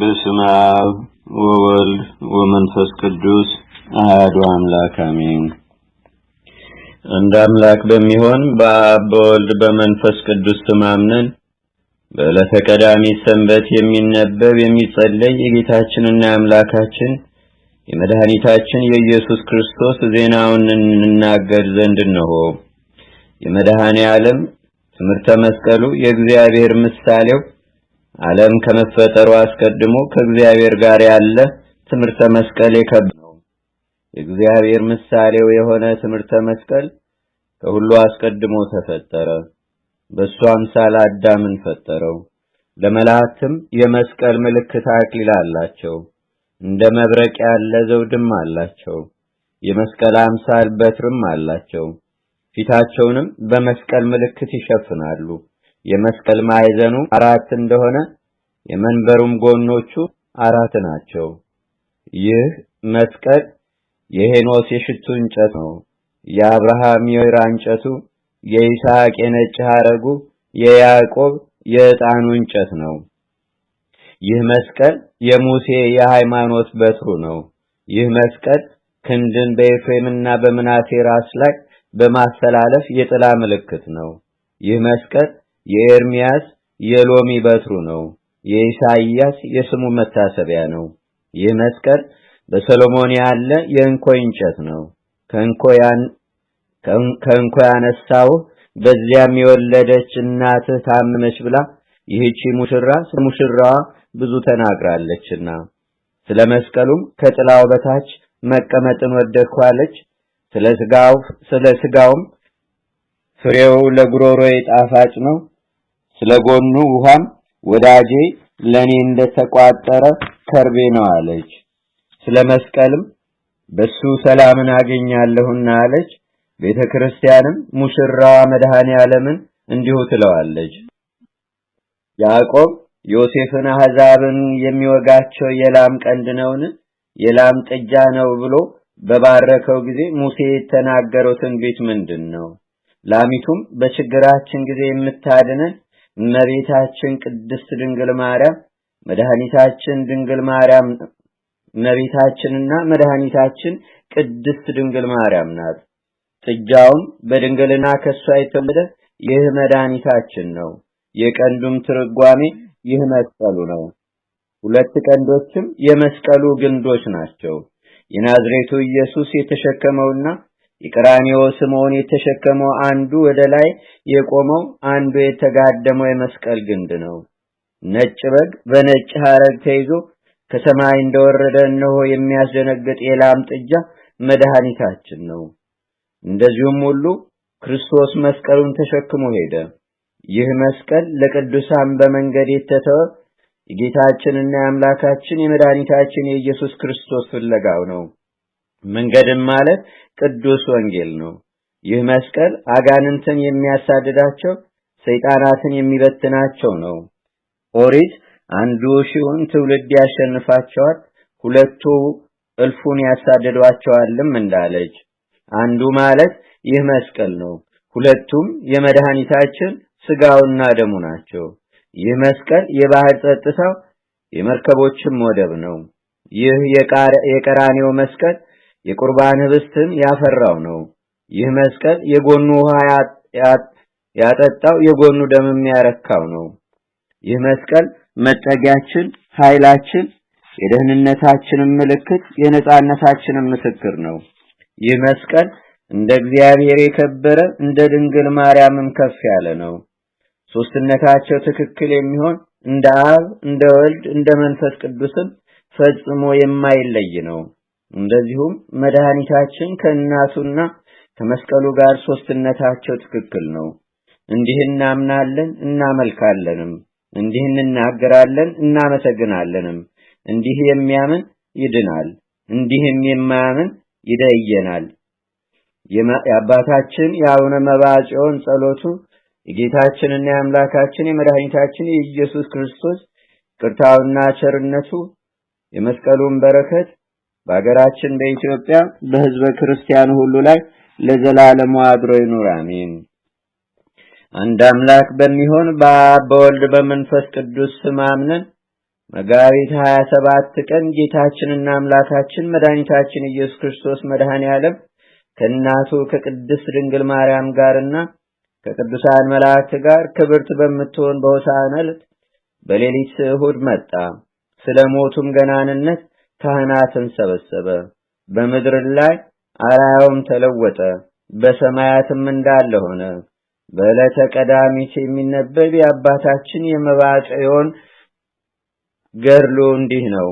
በስመ አብ ወወልድ ወመንፈስ ቅዱስ አሐዱ አምላክ አሜን። እንደ አምላክ በሚሆን በአብ በወልድ በመንፈስ ቅዱስ ተማምነን በዕለተ ቀዳሚት ሰንበት የሚነበብ የሚጸለይ የጌታችንና የአምላካችን የመድኃኒታችን የኢየሱስ ክርስቶስ ዜናውን እንናገር ዘንድ እነሆ የመድኃኔ ዓለም ትምህርተ መስቀሉ የእግዚአብሔር ምሳሌው ዓለም ከመፈጠሩ አስቀድሞ ከእግዚአብሔር ጋር ያለ ትምህርተ መስቀል የከበረ ነው። የእግዚአብሔር ምሳሌው የሆነ ትምህርተ መስቀል ከሁሉ አስቀድሞ ተፈጠረ። በእሱ አምሳል አዳምን ፈጠረው። ለመላእክትም የመስቀል ምልክት አክሊል አላቸው። እንደ መብረቅ ያለ ዘውድም አላቸው። የመስቀል አምሳል በትርም አላቸው። ፊታቸውንም በመስቀል ምልክት ይሸፍናሉ። የመስቀል ማዕዘኑ አራት እንደሆነ የመንበሩም ጎኖቹ አራት ናቸው። ይህ መስቀል የሄኖስ የሽቱ እንጨት ነው። የአብርሃም የወይራ እንጨቱ፣ የይስሐቅ የነጭ ሐረጉ፣ የያዕቆብ የዕጣኑ እንጨት ነው። ይህ መስቀል የሙሴ የሃይማኖት በትሩ ነው። ይህ መስቀል ክንድን በኤፍሬምና በምናሴ ራስ ላይ በማስተላለፍ የጥላ ምልክት ነው። ይህ መስቀል የኤርምያስ የሎሚ በትሩ ነው። የኢሳይያስ የስሙ መታሰቢያ ነው። ይህ መስቀል በሰሎሞን ያለ የእንኮይ እንጨት ነው። ከእንኮያን ከእንኮይ ያነሳው በዚያም የወለደች እናትህ ታመመች ብላ ይህቺ ሙሽራ ስለሙሽራዋ ብዙ ተናግራለችና ስለ መስቀሉም ከጥላው በታች መቀመጥን ወደድኳለች። ስለ ስጋው ስለ ስጋውም ፍሬው ለግሮሮይ ጣፋጭ ነው። ስለጎኑ ውሃም ወዳጄ ለኔ እንደተቋጠረ ከርቤ ነው አለች። ስለ መስቀልም በሱ ሰላምን አገኛለሁና አለች። ቤተ ክርስቲያንም ሙሽራ መድኃኔ ዓለምን እንዲሁ ትለዋለች። ያዕቆብ ዮሴፍን አሕዛብን የሚወጋቸው የላም ቀንድ ነውን? የላም ጥጃ ነው ብሎ በባረከው ጊዜ ሙሴ የተናገረው ትንቢት ምንድን ነው? ላሚቱም በችግራችን ጊዜ የምታድነን እመቤታችን ቅድስት ድንግል ማርያም መድኃኒታችን ድንግል ማርያም እመቤታችንና መድኃኒታችን ቅድስት ድንግል ማርያም ናት። ጥጃውን በድንግልና ከሷ የተወለደ ይህ መድኃኒታችን ነው። የቀንዱም ትርጓሜ ይህ መስቀሉ ነው። ሁለት ቀንዶችም የመስቀሉ ግንዶች ናቸው። የናዝሬቱ ኢየሱስ የተሸከመውና የቀራንዮ ስምዖን የተሸከመው አንዱ ወደ ላይ የቆመው አንዱ የተጋደመው የመስቀል ግንድ ነው። ነጭ በግ በነጭ ሐረግ ተይዞ ከሰማይ እንደወረደ እነሆ የሚያስደነግጥ የላም ጥጃ መድኃኒታችን ነው። እንደዚሁም ሁሉ ክርስቶስ መስቀሉን ተሸክሞ ሄደ። ይህ መስቀል ለቅዱሳን በመንገድ የተተወ የጌታችንና የአምላካችን የመድኃኒታችን የኢየሱስ ክርስቶስ ፍለጋው ነው። መንገድን ማለት ቅዱስ ወንጌል ነው። ይህ መስቀል አጋንንትን የሚያሳድዳቸው ሰይጣናትን የሚበትናቸው ነው። ኦሪት አንዱ ሺውን ትውልድ ያሸንፋቸዋል፣ ሁለቱ እልፉን ያሳድዷቸዋልም እንዳለች አንዱ ማለት ይህ መስቀል ነው። ሁለቱም የመድኃኒታችን ስጋውና ደሙ ናቸው። ይህ መስቀል የባህር ጸጥታው የመርከቦችም ወደብ ነው። ይህ የቀራኔው መስቀል የቁርባን ህብስትም ያፈራው ነው። ይህ መስቀል የጎኑ ውሃ ያጠጣው የጎኑ ደምም ያረካው ነው። ይህ መስቀል መጠጊያችን፣ ኃይላችን፣ የደህንነታችንም ምልክት የነጻነታችንም ምስክር ነው። ይህ መስቀል እንደ እግዚአብሔር የከበረ እንደ ድንግል ማርያምም ከፍ ያለ ነው። ሶስትነታቸው ትክክል የሚሆን እንደ አብ እንደ ወልድ እንደ መንፈስ ቅዱስም ፈጽሞ የማይለይ ነው። እንደዚሁም መድኃኒታችን ከእናቱና ከመስቀሉ ጋር ሶስትነታቸው ትክክል ነው። እንዲህ እናምናለን እናመልካለንም፣ እንዲህ እንናገራለን እናመሰግናለንም። እንዲህ የሚያምን ይድናል፣ እንዲህም የማያምን ይደየናል። የአባታችን የአቡነ መብዓ ጽዮን ጸሎቱ የጌታችንና የአምላካችን የመድኃኒታችን የኢየሱስ ክርስቶስ ቅርታውና ቸርነቱ የመስቀሉን በረከት በሀገራችን በኢትዮጵያ በህዝበ ክርስቲያኑ ሁሉ ላይ ለዘላለም አድሮ ይኑር። አሜን። አንድ አምላክ በሚሆን በአብ በወልድ በመንፈስ ቅዱስ ስም አምነን መጋቢት 27 ቀን ጌታችንና አምላካችን መድኃኒታችን ኢየሱስ ክርስቶስ መድኃኔ ዓለም ከእናቱ ከቅድስት ድንግል ማርያም ጋርና ከቅዱሳን መላእክት ጋር ክብርት በምትሆን በሆሳዕና ዕለት በሌሊት እሑድ መጣ። ስለ ሞቱም ገናንነት ካህናትን ሰበሰበ። በምድር ላይ አራያውም ተለወጠ፣ በሰማያትም እንዳለ ሆነ። በዕለተ ቀዳሚት የሚነበብ የአባታችን የመባጽዮን ገድሉ እንዲህ ነው።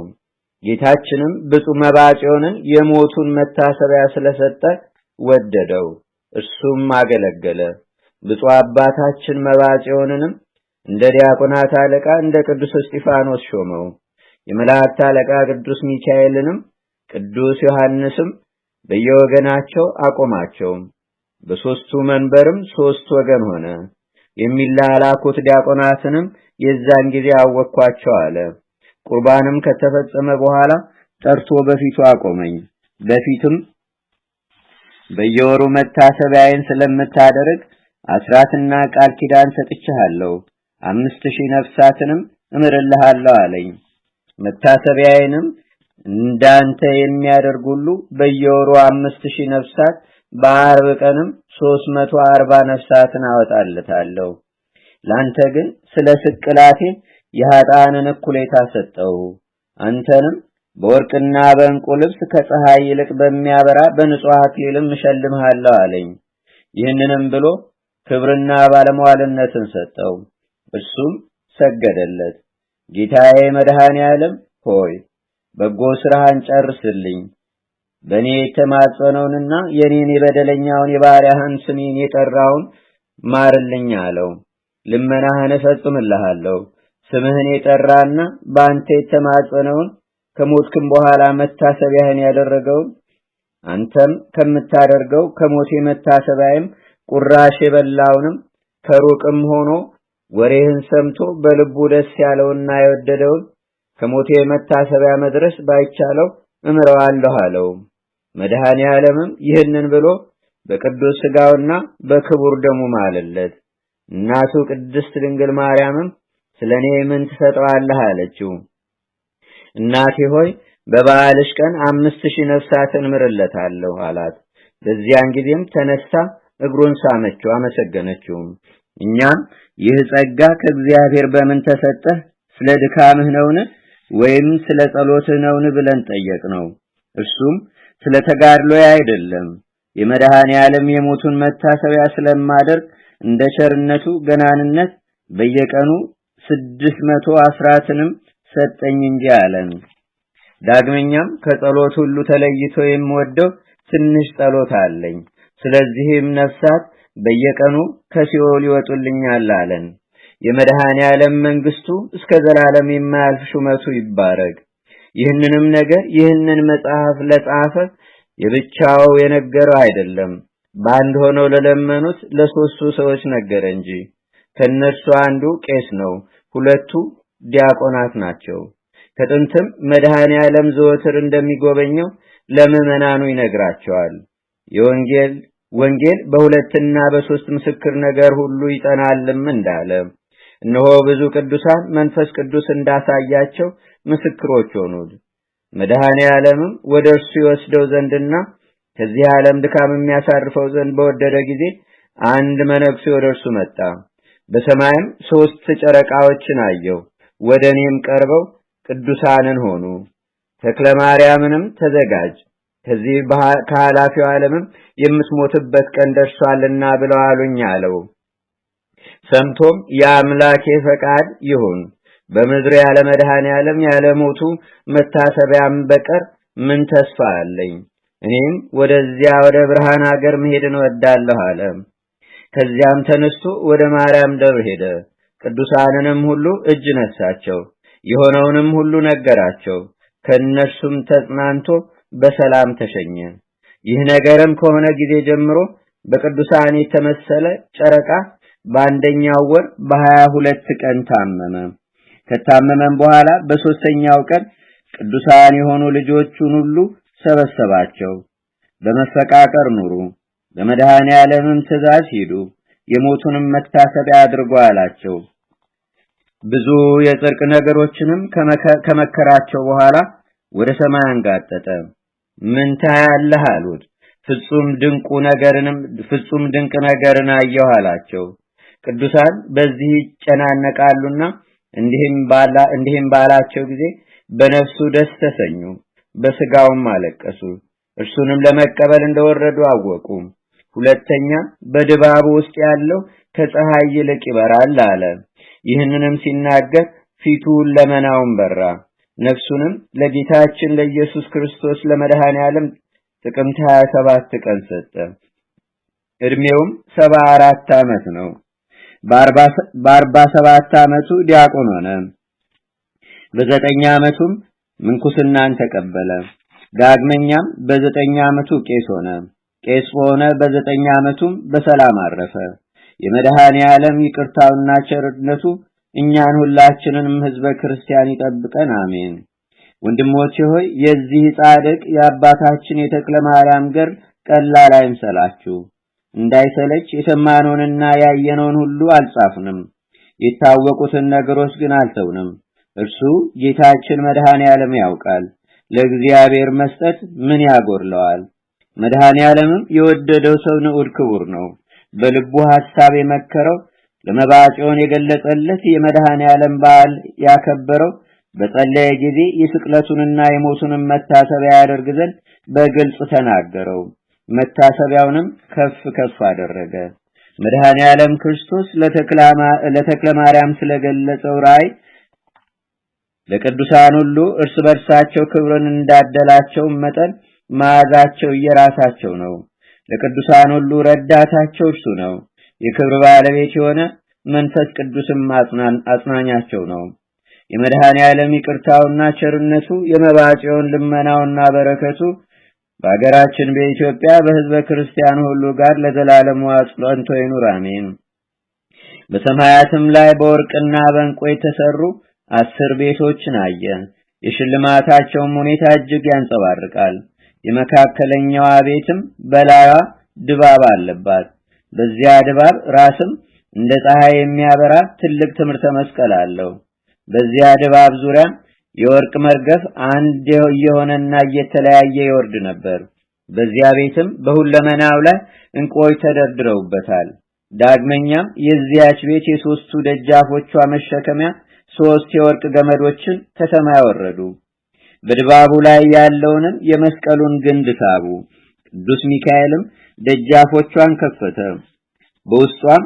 ጌታችንም ብፁዕ መባጽዮንን የሞቱን መታሰቢያ ስለሰጠ ወደደው፣ እሱም አገለገለ። ብፁዕ አባታችን መባጽዮንንም እንደ ዲያቆናት አለቃ እንደ ቅዱስ እስጢፋኖስ ሾመው። የመላእክት አለቃ ቅዱስ ሚካኤልንም ቅዱስ ዮሐንስም በየወገናቸው አቆማቸው። በሶስቱ መንበርም ሶስት ወገን ሆነ። የሚላላኩት ዲያቆናትንም የዛን ጊዜ አወቅኳቸው አለ። ቁርባንም ከተፈጸመ በኋላ ጠርቶ በፊቱ አቆመኝ። በፊትም በየወሩ መታሰቢያዬን ስለምታደርግ አስራትና ቃል ኪዳን ሰጥቼሃለሁ፣ አምስት ሺህ ነፍሳትንም እምርልሃለሁ አለኝ። መታሰቢያዬንም እንዳንተ የሚያደርግ ሁሉ በየወሩ አምስት ሺህ ነፍሳት በአርብ ቀንም ሶስት መቶ አርባ ነፍሳትን አወጣለታለሁ። ላንተ ግን ስለ ስቅላቴ የኃጣንን እኩሌታ ሰጠው። አንተንም በወርቅና በእንቁ ልብስ ከፀሐይ ይልቅ በሚያበራ በንጹሕ አክሊልም እሸልምሃለሁ አለኝ። ይህንንም ብሎ ክብርና ባለመዋልነትን ሰጠው። እርሱም ሰገደለት። ጌታዬ መድኃኔ ዓለም ሆይ በጎ ስራህን ጨርስልኝ። በእኔ የተማጸነውንና የኔን የበደለኛውን የባሪያህን ስሜን የጠራውን ማርልኝ አለው። ልመናህን እፈጽምልሃለሁ። ስምህን የጠራና በአንተ የተማጸነውን ከሞትክም በኋላ መታሰቢያህን ያደረገውን አንተም ከምታደርገው ከሞቴ መታሰቢያይም ቁራሽ የበላውንም ከሩቅም ሆኖ ወሬህን ሰምቶ በልቡ ደስ ያለውና የወደደውን ከሞቴ የመታሰቢያ መድረስ ባይቻለው እምረዋለሁ አለው። መድኃኔ ዓለምም ይህንን ብሎ በቅዱስ ሥጋውና በክቡር ደሙ ማለለት። እናቱ ቅድስት ድንግል ማርያምም ስለ እኔ ምን ትሰጠዋለህ አለችው። እናቴ ሆይ በበዓልሽ ቀን አምስት ሺህ ነፍሳትን ምርለታለሁ አላት። በዚያን ጊዜም ተነሳ፣ እግሩን ሳመችው፣ አመሰገነችውም። እኛም ይህ ጸጋ ከእግዚአብሔር በምን ተሰጠህ ስለ ድካምህ ነውን ወይም ስለ ጸሎትህ ነውን ብለን ጠየቅነው እርሱም ስለ ተጋድሎ አይደለም የመድኃኔ ዓለም የሞቱን መታሰቢያ ስለማደርግ እንደ ቸርነቱ ገናንነት በየቀኑ ስድስት መቶ አስራትንም ሰጠኝ እንጂ አለን ዳግመኛም ከጸሎት ሁሉ ተለይቶ የምወደው ትንሽ ጸሎት አለኝ ስለዚህም ነፍሳት በየቀኑ ከሲኦል ይወጡልኛል አለን። የመድኃኔ ዓለም መንግስቱ እስከ ዘላለም የማያልፍ ሹመቱ ይባረግ። ይህንንም ነገር ይህንን መጽሐፍ ለጻፈ የብቻው የነገረው አይደለም፣ በአንድ ሆነው ለለመኑት ለሶስቱ ሰዎች ነገረ እንጂ። ከነሱ አንዱ ቄስ ነው፣ ሁለቱ ዲያቆናት ናቸው። ከጥንትም መድኃኔ ዓለም ዘወትር እንደሚጎበኘው ለምዕመናኑ ይነግራቸዋል። የወንጌል ወንጌል በሁለትና በሶስት ምስክር ነገር ሁሉ ይጠናልም እንዳለ እነሆ ብዙ ቅዱሳን መንፈስ ቅዱስ እንዳሳያቸው ምስክሮች ሆኑት። መድኃኔ ዓለምም ወደ እርሱ ይወስደው ዘንድና ከዚህ ዓለም ድካም የሚያሳርፈው ዘንድ በወደደ ጊዜ አንድ መነኩሴ ወደ እርሱ መጣ። በሰማይም ሶስት ጨረቃዎችን አየው። ወደ እኔም ቀርበው ቅዱሳንን ሆኑ፣ ተክለ ማርያምንም ተዘጋጅ ከዚህ ከኃላፊው ዓለምም የምትሞትበት ቀን ደርሷልና ብለው አሉኝ አለው። ሰምቶም የአምላኬ ፈቃድ ይሁን በምድር ያለ መድኃኔ ዓለም ያለ ሞቱ መታሰቢያም በቀር ምን ተስፋ አለኝ? እኔም ወደዚያ ወደ ብርሃን ሀገር መሄድን እወዳለሁ አለ። ከዚያም ተነስቶ ወደ ማርያም ደብር ሄደ። ቅዱሳንንም ሁሉ እጅ ነሳቸው፣ የሆነውንም ሁሉ ነገራቸው። ከእነርሱም ተጽናንቶ በሰላም ተሸኘ። ይህ ነገርም ከሆነ ጊዜ ጀምሮ በቅዱሳን የተመሰለ ጨረቃ በአንደኛው ወር በሀያ ሁለት ቀን ታመመ። ከታመመም በኋላ በሶስተኛው ቀን ቅዱሳን የሆኑ ልጆቹን ሁሉ ሰበሰባቸው። በመፈቃቀር ኑሩ፣ በመድኃኔ ዓለምም ትእዛዝ ሂዱ፣ የሞቱንም መታሰቢያ አድርጎ አላቸው። ብዙ የጽርቅ ነገሮችንም ከመከራቸው በኋላ ወደ ሰማይ አንጋጠጠ። ምን ታያለህ አሉት ፍጹም ድንቁ ነገርንም ፍጹም ድንቅ ነገርን አየሁ አላቸው ቅዱሳን በዚህ ይጨናነቃሉና እንዲህም ባላ እንዲህም ባላቸው ጊዜ በነፍሱ ደስ ተሰኙ በስጋውም አለቀሱ እርሱንም ለመቀበል እንደወረዱ አወቁ ሁለተኛ በድባቡ ውስጥ ያለው ከፀሐይ ይልቅ ይበራል አለ ይህንንም ሲናገር ፊቱ ለመናውን በራ ነፍሱንም ለጌታችን ለኢየሱስ ክርስቶስ ለመድኃኔ ዓለም ጥቅምት 27 ቀን ሰጠ። እድሜውም 74 ዓመት ነው። በ47 ዓመቱ ዲያቆን ሆነ። በዘጠኝ ዓመቱም ምንኩስናን ተቀበለ። ዳግመኛም በዘጠኝ ዓመቱ ቄስ ሆነ። ቄስ በሆነ በዘጠኝ ዓመቱም በሰላም አረፈ። የመድኃኔ ዓለም ይቅርታውና ቸርነቱ እኛን ሁላችንንም ህዝበ ክርስቲያን ይጠብቀን አሜን። ወንድሞቼ ሆይ የዚህ ጻድቅ የአባታችን የተክለ ማርያም ገር ቀላል አይምሰላችሁ። እንዳይሰለች የሰማነውንና ያየነውን ሁሉ አልጻፍንም፣ የታወቁትን ነገሮች ግን አልተውንም። እርሱ ጌታችን መድኃኔ ዓለም ያውቃል። ለእግዚአብሔር መስጠት ምን ያጎድለዋል? መድኃኔ ዓለምም የወደደው ሰው ንዑድ ክቡር ነው። በልቡ ሐሳብ የመከረው ለመባጮን የገለጸለት የመድኃኔ ዓለም በዓል ያከበረው በጸለየ ጊዜ የስቅለቱንና የሞቱንም መታሰቢያ ያደርግ ዘንድ በግልጽ ተናገረው። መታሰቢያውንም ከፍ ከፍ አደረገ። መድኃኔ ዓለም ክርስቶስ ለተክለ ማርያም ስለገለጸው ራእይ ለቅዱሳን ሁሉ እርስ በርሳቸው ክብርን እንዳደላቸው መጠን መዓዛቸው የራሳቸው ነው። ለቅዱሳን ሁሉ ረዳታቸው እርሱ ነው። የክብር ባለቤት የሆነ መንፈስ ቅዱስም አጽናኛቸው ነው። የመድኃኔ ዓለም ይቅርታውና ቸርነቱ የመባጭውን ልመናውና በረከቱ በአገራችን በኢትዮጵያ በሕዝበ ክርስቲያን ሁሉ ጋር ለዘላለም ጸንቶ ይኑር፣ አሜን። በሰማያትም ላይ በወርቅና በእንቁ የተሰሩ አስር ቤቶችን አየ። የሽልማታቸውም ሁኔታ እጅግ ያንጸባርቃል። የመካከለኛዋ ቤትም በላያ ድባብ አለባት። በዚያ ድባብ ራስም እንደ ፀሐይ የሚያበራ ትልቅ ትምህርተ መስቀል አለው። በዚያ ድባብ ዙሪያ የወርቅ መርገፍ አንድ እየሆነና እየተለያየ ይወርድ ነበር። በዚያ ቤትም በሁለመናው ላይ እንቆይ ተደርድረውበታል። ዳግመኛም የዚያች ቤት የሶስቱ ደጃፎቿ መሸከሚያ ሶስት የወርቅ ገመዶችን ከሰማይ አወረዱ። በድባቡ ላይ ያለውንም የመስቀሉን ግንድ ሳቡ። ቅዱስ ሚካኤልም ደጃፎቿን ከፈተ። በውስጧም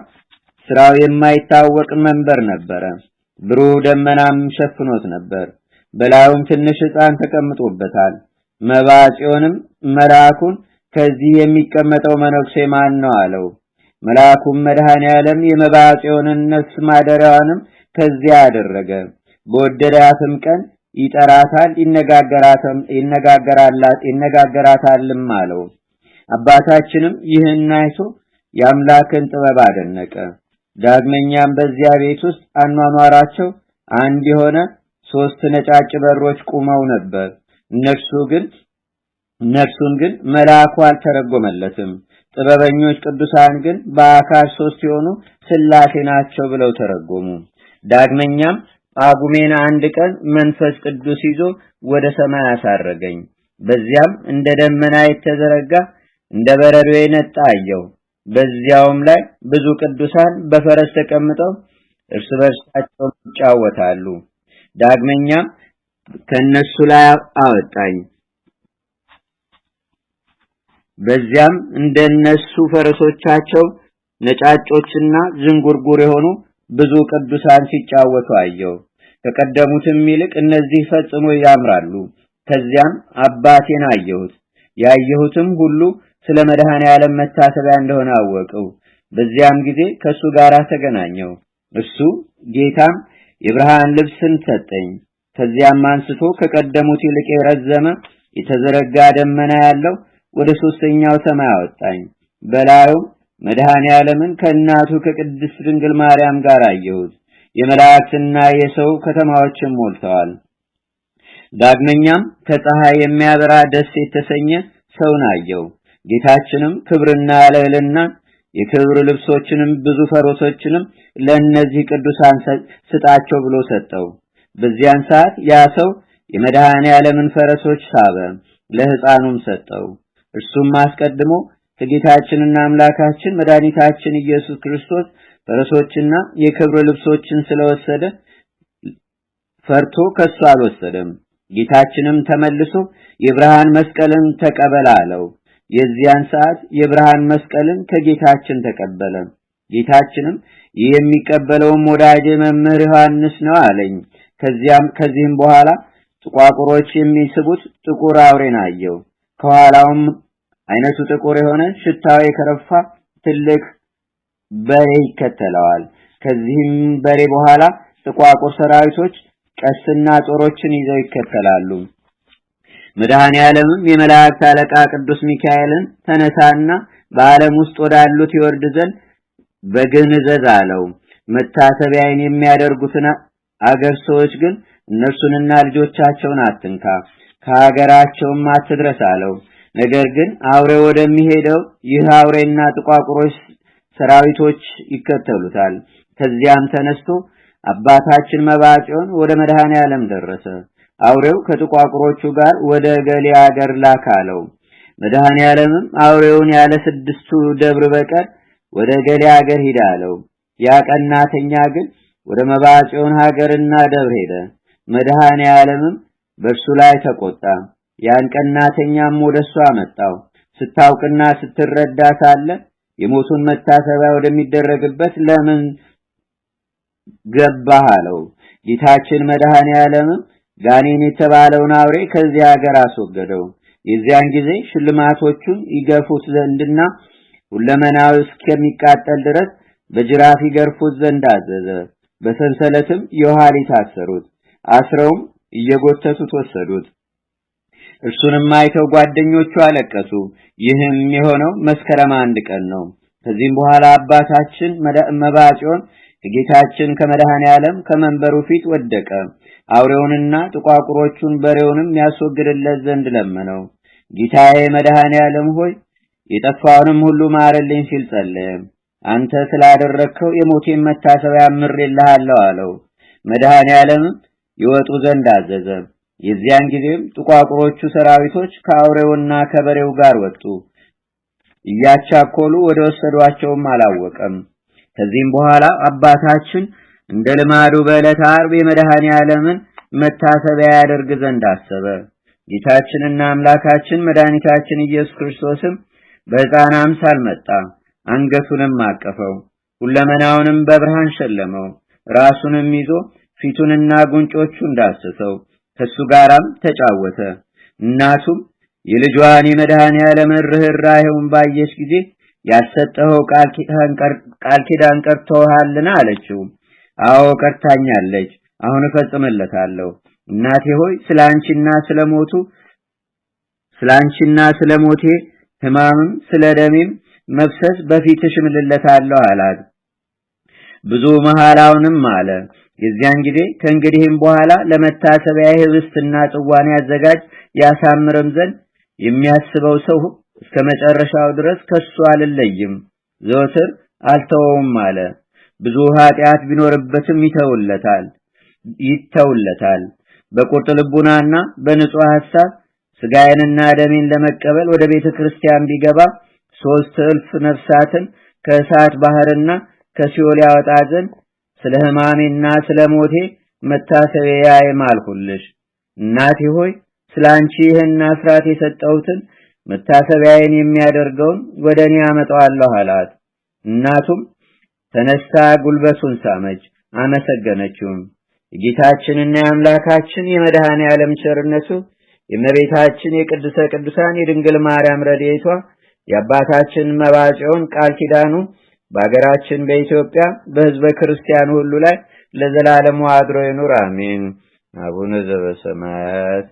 ስራው የማይታወቅ መንበር ነበረ። ብሩህ ደመናም ሸፍኖት ነበር። በላዩም ትንሽ ሕፃን ተቀምጦበታል። መባጽዮንም መልአኩን ከዚህ የሚቀመጠው መነኩሴ ማን ነው አለው። መልአኩም መድኃኔ ዓለም የመባጽዮንን ነፍስ ማደሪያዋንም ከዚያ አደረገ። በወደዳትም ቀን ይጠራታል፣ ይነጋገራታልም አለው። አባታችንም ይህን አይቶ የአምላክን ጥበብ አደነቀ። ዳግመኛም በዚያ ቤት ውስጥ አኗኗራቸው አንድ የሆነ ሶስት ነጫጭ በሮች ቁመው ነበር። እነርሱ ግን ነፍሱን ግን መልአኩ አልተረጎመለትም። ጥበበኞች ቅዱሳን ግን በአካል ሶስት የሆኑ ስላሴ ናቸው ብለው ተረጎሙ። ዳግመኛም አጉሜን አንድ ቀን መንፈስ ቅዱስ ይዞ ወደ ሰማይ አሳረገኝ። በዚያም እንደ ደመና የተዘረጋ እንደ በረዶ የነጣ አየሁ። በዚያውም ላይ ብዙ ቅዱሳን በፈረስ ተቀምጠው እርስ በርሳቸው ይጫወታሉ። ዳግመኛም ከነሱ ላይ አወጣኝ። በዚያም እንደነሱ ፈረሶቻቸው ነጫጮችና ዝንጉርጉር የሆኑ ብዙ ቅዱሳን ሲጫወቱ አየው። ከቀደሙትም ይልቅ እነዚህ ፈጽሞ ያምራሉ። ከዚያም አባቴን አየሁት። ያየሁትም ሁሉ ስለ መድኃኔ ዓለም መታሰቢያ እንደሆነ አወቀው። በዚያም ጊዜ ከሱ ጋር ተገናኘው። እሱ ጌታም የብርሃን ልብስን ሰጠኝ። ከዚያም አንስቶ ከቀደሙት ይልቅ የረዘመ የተዘረጋ ደመና ያለው ወደ ሶስተኛው ሰማይ አወጣኝ። በላዩም መድኃኔ ዓለምን ከእናቱ ከቅድስት ድንግል ማርያም ጋር አየሁት። የመላእክትና የሰው ከተማዎችም ሞልተዋል። ዳግመኛም ከፀሐይ የሚያበራ ደስ የተሰኘ ሰውን አየው። ጌታችንም ክብርና ልዕልና የክብር ልብሶችንም ብዙ ፈረሶችንም ለእነዚህ ቅዱሳን ስጣቸው ብሎ ሰጠው። በዚያን ሰዓት ያ ሰው የመድኃኔ ዓለምን ፈረሶች ሳበ፣ ለሕፃኑም ሰጠው። እርሱም አስቀድሞ ከጌታችንና አምላካችን መድኃኒታችን ኢየሱስ ክርስቶስ ፈረሶችና የክብር ልብሶችን ስለወሰደ ፈርቶ ከሱ አልወሰደም። ጌታችንም ተመልሶ የብርሃን መስቀልን ተቀበል አለው። የዚያን ሰዓት የብርሃን መስቀልን ከጌታችን ተቀበለ። ጌታችንም ይህ የሚቀበለውም መምህር ዮሐንስ ነው አለኝ። ከዚያም ከዚህም በኋላ ጥቋቁሮች የሚስቡት ጥቁር አውሬን አየው። ከኋላውም አይነቱ ጥቁር የሆነ ሽታው የከረፋ ትልቅ በሬ ይከተለዋል። ከዚህም በሬ በኋላ ጥቋቁር ሰራዊቶች ቀስና ጦሮችን ይዘው ይከተላሉ። መድኃኔ ዓለምም የመላእክት አለቃ ቅዱስ ሚካኤልን ተነሳና በዓለም ውስጥ ወዳሉት ይወርድ ዘንድ በግንዘዝ አለው። መታሰቢያን የሚያደርጉትን አገር ሰዎች ግን እነርሱንና ልጆቻቸውን አትንካ፣ ከሀገራቸውም አትድረስ አለው። ነገር ግን አውሬ ወደሚሄደው ይህ አውሬና ጥቋቁሮች ሰራዊቶች ይከተሉታል። ከዚያም ተነስቶ አባታችን መባጮን ወደ መድኃኔ ዓለም ደረሰ። አውሬው ከጥቋቁሮቹ ጋር ወደ ገሌ አገር ላካለው። መድኃኔ ዓለምም አውሬውን ያለ ስድስቱ ደብር በቀር ወደ ገሌ አገር ሂዳለው ያቀናተኛ ያ ቀናተኛ ግን ወደ መባጮን ሀገርና ደብር ሄደ። መድኃኔ ዓለምም በእርሱ ላይ ተቆጣ። ያን ቀናተኛም ወደ እሷ አመጣው። ስታውቅና ስትረዳ ሳለ የሞቱን መታሰቢያ ወደሚደረግበት ለምን ገባህ አለው። ጌታችን መድኃኔ ዓለምም ጋኔን የተባለውን አውሬ ከዚያ ሀገር አስወገደው። የዚያን ጊዜ ሽልማቶቹን ይገፉት ዘንድና ሁለመናው እስከሚቃጠል ድረስ በጅራፍ ይገርፉት ዘንድ አዘዘ። በሰንሰለትም የኋሊት አሰሩት። አስረውም እየጎተቱት ወሰዱት። እርሱንም አይተው ጓደኞቹ አለቀሱ። ይህም የሆነው መስከረም አንድ ቀን ነው። ከዚህም በኋላ አባታችን መባጮን ከጌታችን ከመድኃኔ ዓለም ከመንበሩ ፊት ወደቀ። አውሬውንና ጥቋቁሮቹን በሬውንም ያስወግድለት ዘንድ ለመነው። ጌታዬ መድኃኔ ዓለም ሆይ የጠፋውንም ሁሉ ማረልኝ ሲል ጸለየ። አንተ ስላደረግከው የሞቴን መታሰቢያ ምሬልሃለሁ አለው። መድኃኔ ዓለምም ይወጡ ዘንድ አዘዘ። የዚያን ጊዜም ጥቋቁሮቹ ሰራዊቶች ከአውሬውና ከበሬው ጋር ወጡ። እያቻኮሉ ወደ ወሰዷቸውም አላወቀም። ከዚህም በኋላ አባታችን እንደ ልማዱ በዕለት ዓርብ የመድኃኔ ዓለምን መታሰቢያ ያደርግ ዘንድ አሰበ። ጌታችንና አምላካችን መድኃኒታችን ኢየሱስ ክርስቶስም በሕፃን አምሳል መጣ። አንገቱንም አቀፈው፣ ሁለመናውንም በብርሃን ሸለመው። ራሱንም ይዞ ፊቱንና ጉንጮቹን ዳሰሰው። ከሱ ጋራም ተጫወተ። እናቱም የልጇን የመድኃኔ ዓለምን ርኅራኄውን ባየች ጊዜ ያሰጠኸው ቃል ኪዳን ቀርቶሃልና አለችው። አዎ ቀርታኛለች፣ አሁን እፈጽምለታለሁ። እናቴ ሆይ ስለ ስለሞቱ ስለ ስለሞቴ ሞቴ ሕማምም ስለ ደሜም መፍሰስ በፊትሽ ምልለታለሁ አላት። ብዙ መሃላውንም አለ። የዚያን ጊዜ ከእንግዲህም በኋላ ለመታሰቢያ ህብስትና ጽዋን ያዘጋጅ ያሳምርም ዘንድ የሚያስበው ሰው እስከ መጨረሻው ድረስ ከሱ አልለይም ዘወትር አልተወውም አለ። ብዙ ኃጢአት ቢኖርበትም ይተውለታል ይተውለታል። በቁርጥ ልቡናና በንጹህ ሐሳብ ስጋዬንና ደሜን ለመቀበል ወደ ቤተ ክርስቲያን ቢገባ ሶስት እልፍ ነፍሳትን ከእሳት ባህርና ከሲኦል ያወጣ ዘንድ ስለ ሕማሜና ስለ ሞቴ መታሰቢያዬ ማልኩልሽ። እናቴ ሆይ ስለ አንቺ ይህን አስራት የሰጠሁትን መታሰቢያዬን የሚያደርገውን ወደ እኔ አመጣዋለሁ አላት። እናቱም ተነሳ ጉልበቱን ሳመች፣ አመሰገነችውም። የጌታችንና የአምላካችን የመድኃኔ ዓለም ቸርነቱ የእመቤታችን የቅድስተ ቅዱሳን የድንግል ማርያም ረድኤቷ የአባታችን መባጨውን ቃል ኪዳኑ በአገራችን በኢትዮጵያ በህዝበ ክርስቲያን ሁሉ ላይ ለዘላለሙ አድሮ ይኑር አሜን። አቡነ ዘበሰማያት